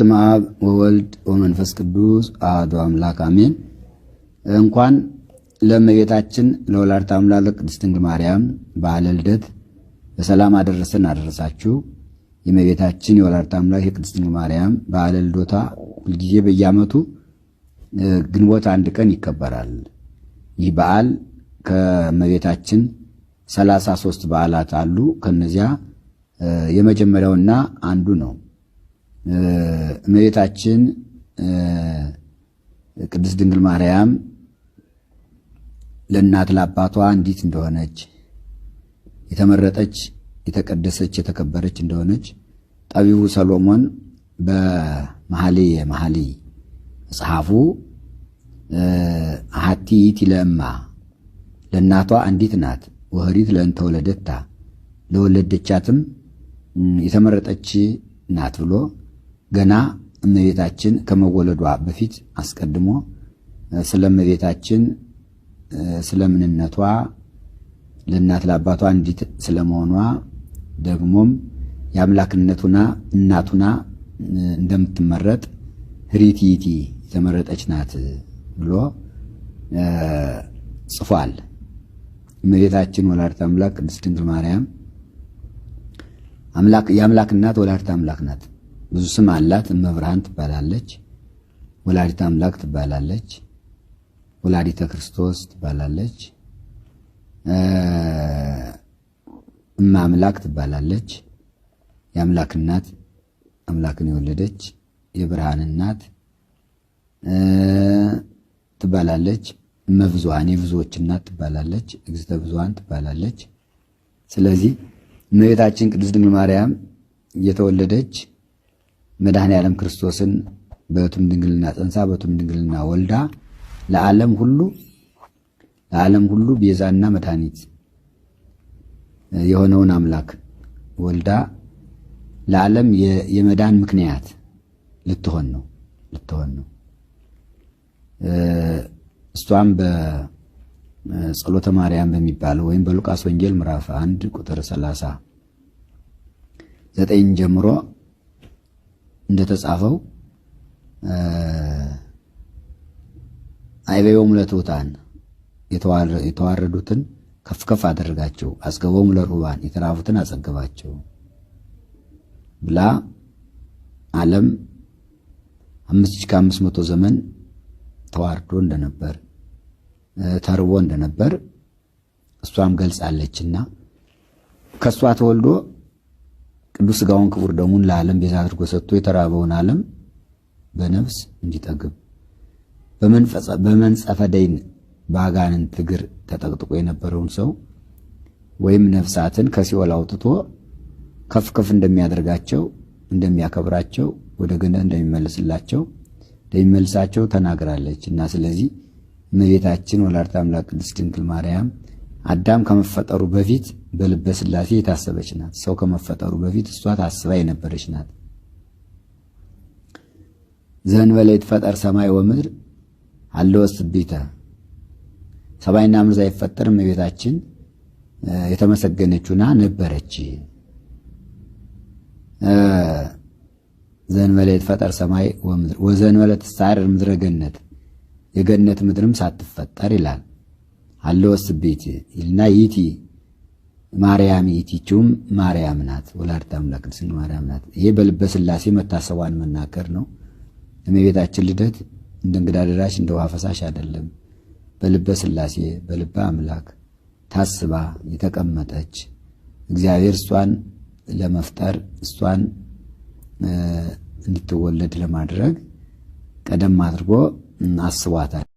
በስመ አብ ወወልድ ወመንፈስ ቅዱስ አሐዱ አምላክ አሜን። እንኳን ለእመቤታችን ለወላዲተ አምላክ ቅድስት ድንግል ማርያም በዓለ ልደት በሰላም አደረሰን አደረሳችሁ። የእመቤታችን የወላዲተ አምላክ የቅድስት ድንግል ማርያም በዓለ ልደቷ ሁልጊዜ በየዓመቱ ግንቦት አንድ ቀን ይከበራል። ይህ በዓል ከእመቤታችን ሰላሳ ሦስት በዓላት አሉ። ከነዚያ የመጀመሪያውና አንዱ ነው። እመቤታችን ቅድስት ድንግል ማርያም ለእናት ለአባቷ እንዲት እንደሆነች የተመረጠች የተቀደሰች የተከበረች እንደሆነች ጠቢቡ ሰሎሞን በመኃልየ መኃልይ መጽሐፉ ሀቲ ይእቲ ለእማ ለእናቷ አንዲት ናት ወህሪት ለእንተ ወለደታ ለወለደቻትም የተመረጠች ናት ብሎ ገና እመቤታችን ከመወለዷ በፊት አስቀድሞ ስለ እመቤታችን ስለ ምንነቷ ለእናት ለአባቷ እንዲት ስለመሆኗ ደግሞም የአምላክነቱና እናቱና እንደምትመረጥ ህሪቲቲ የተመረጠች ናት ብሎ ጽፏል። እመቤታችን ወላዲተ አምላክ ቅድስት ድንግል ማርያም የአምላክ እናት ወላዲተ አምላክ ናት። ብዙ ስም አላት። እመብርሃን ትባላለች፣ ወላዲት አምላክ ትባላለች፣ ወላዲተ ክርስቶስ ትባላለች፣ እመ አምላክ ትባላለች። የአምላክ እናት፣ አምላክን የወለደች የብርሃን እናት ትባላለች። እመብዙሃን የብዙዎችናት የብዙዎች እናት ትባላለች። እግዝተ ብዙሃን ትባላለች። ስለዚህ እመቤታችን ቅድስት ድንግል ማርያም እየተወለደች መድኃኔ ዓለም ክርስቶስን በቱም ድንግልና ጸንሳ በቱም ድንግልና ወልዳ ለዓለም ሁሉ ለዓለም ሁሉ ቤዛና መድኃኒት የሆነውን አምላክ ወልዳ ለዓለም የመዳን ምክንያት ልትሆን ነው ልትሆን ነው። እሷም በጸሎተ ማርያም በሚባለው ወይም በሉቃስ ወንጌል ምዕራፍ አንድ ቁጥር ሰላሳ ዘጠኝ ጀምሮ እንደተጻፈው አይቤዮም ለትሑታን የተዋረዱትን ከፍ ከፍ አደረጋቸው፣ አጽገቦም ለርሁባን የተራቡትን አጸገባቸው ብላ ዓለም አምስት ሺህ ከአምስት መቶ ዘመን ተዋርዶ እንደነበር ተርቦ እንደነበር እሷም ገልጻለችና ከእሷ ተወልዶ ቅዱስ ሥጋውን ክቡር ደሙን ለዓለም ቤዛ አድርጎ ሰጥቶ የተራበውን ዓለም በነፍስ እንዲጠግብ በመንጸፈ ደይን በአጋንንት እግር ተጠቅጥቆ የነበረውን ሰው ወይም ነፍሳትን ከሲኦል አውጥቶ ከፍ ከፍ እንደሚያደርጋቸው እንደሚያከብራቸው ወደ ገነት እንደሚመልስላቸው እንደሚመልሳቸው ተናግራለች እና ስለዚህ እመቤታችን ወላዲተ አምላክ ቅድስት ድንግል ማርያም አዳም ከመፈጠሩ በፊት በልበ ሥላሴ የታሰበች ናት። ሰው ከመፈጠሩ በፊት እሷ ታስባ የነበረች ናት። ዘእንበለ ይትፈጠር ሰማይ ወምድር አለወስ እምስቤተ ሰማይና ምድር ሳይፈጠር እመቤታችን የተመሰገነችና ነበረች። ዘእንበለ ይትፈጠር ሰማይ ወምድር ወዘእንበለ ትሳረር ምድረ ገነት የገነት ምድርም ሳትፈጠር ይላል አለወስ እምስቤተ ይልና ይቲ ማርያም ይቲቹም ማርያም ናት፣ ወላዲተ አምላክ ቅድስት ማርያም ናት። ይሄ በልበ ሥላሴ መታሰቧን መናገር ነው። እመቤታችን ልደት እንደ እንግዳ ደራሽ እንደ ውሃ ፈሳሽ አይደለም። በልበ ሥላሴ በልበ አምላክ ታስባ የተቀመጠች እግዚአብሔር እሷን ለመፍጠር እሷን እንድትወለድ ለማድረግ ቀደም አድርጎ አስቧታል።